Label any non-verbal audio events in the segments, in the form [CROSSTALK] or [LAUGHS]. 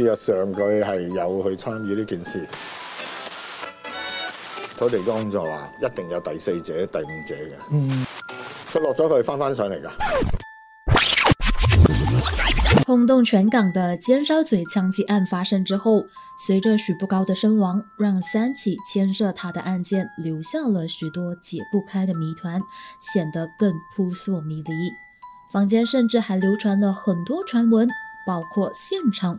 事實上，佢係有去參與呢件事，佢哋幫就話，一定有第四者、第五者嘅。嗯，佢落咗佢翻翻上嚟噶。轟動全港嘅尖沙咀槍擊案發生之後，隨着徐步高嘅身亡，讓三起牽涉他的案件留下了許多解不開的謎團，顯得更撲朔迷離。坊間甚至還流傳了很多傳聞，包括現場。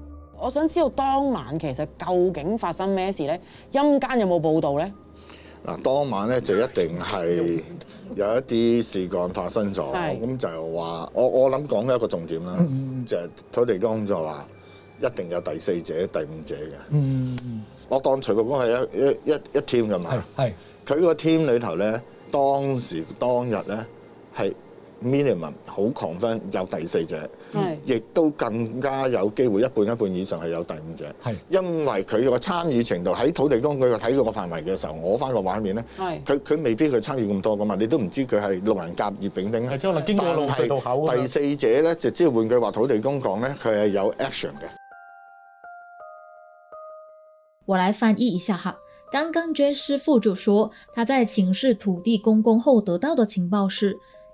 我想知道當晚其實究竟發生咩事咧？陰間有冇報道咧？嗱，當晚咧就一定係有一啲事幹發生咗，咁 [LAUGHS] 是就話我我諗講緊一個重點啦，嗯、就係土地公就話一定有第四者、第五者嘅。嗯，我當徐國公係一一一 team 嘅嘛，係佢個 team 裏頭咧，當時當日咧係。minimum 好狂分，um, ident, 有第四者，係亦是都更加有機會一半一半以上係有第五者，係是因為佢個參與程度喺土地公佢睇個範圍嘅時候，我翻個畫面咧，係佢佢未必佢參與咁多㗎嘛，你都唔知佢係路人甲乙丙丁啊，路係第四者咧，就即係換句話，土地公講咧，佢係有 action 嘅。我嚟翻譯一下哈，剛剛 J 師傅就說，他在請示土地公公後得到的情報是。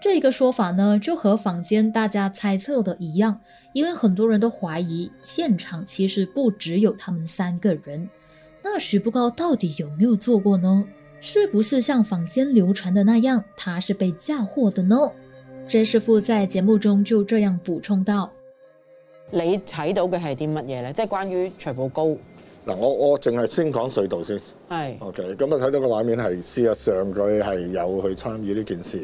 這個說法呢，就和坊間大家猜測的一樣，因為很多人都懷疑現場其實不只有他們三個人。那徐步高到底有沒有做過呢？是不是像坊間流傳的那樣，他是被嫁禍的呢？詹師傅在節目中就這樣補充道：“你睇到嘅係啲乜嘢咧？即係關於徐步高。”嗱，我我淨係先講隧道先是，OK，咁啊睇到個畫面係事實上佢係有去參與呢件事，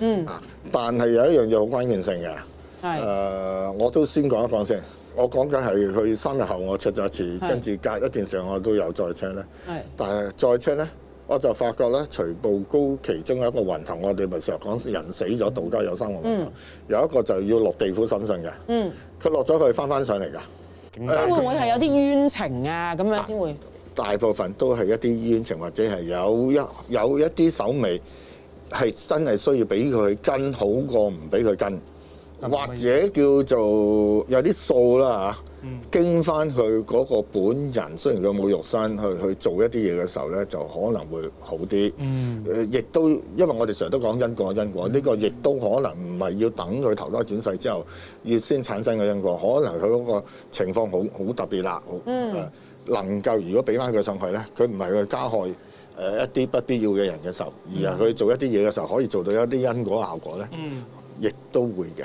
嗯，啊，但係有一樣嘢好關鍵性嘅，係是，誒、呃，我都先講一講先，我講緊係佢三日後我出咗一次，是跟住隔一段時間我都有再 check 咧，係是，但係再 check 咧，我就發覺咧，徐步高其中一個雲頭，我哋咪成日講人死咗、嗯、道家有三個雲頭，嗯、有一個就要落地府審訊嘅，嗯，佢落咗佢翻翻上嚟㗎。呃、會唔會係有啲冤情啊？咁樣先會大。大部分都係一啲冤情，或者係有一有一啲手尾係真係需要俾佢跟，好過唔俾佢跟，或者叫做有啲數啦嚇。經翻佢嗰個本人，雖然佢冇肉身去去、嗯、做一啲嘢嘅時候咧，就可能會好啲。亦、嗯、都因為我哋成日都講因果因果，呢、嗯、個亦都可能唔係要等佢投胎轉世之後，要先產生嘅因果。可能佢嗰個情況好好特別啦、嗯呃，能夠如果俾翻佢上去咧，佢唔係去加害誒一啲不必要嘅人嘅時候，而係佢做一啲嘢嘅時候可以做到一啲因果效果咧，亦、嗯、都會嘅。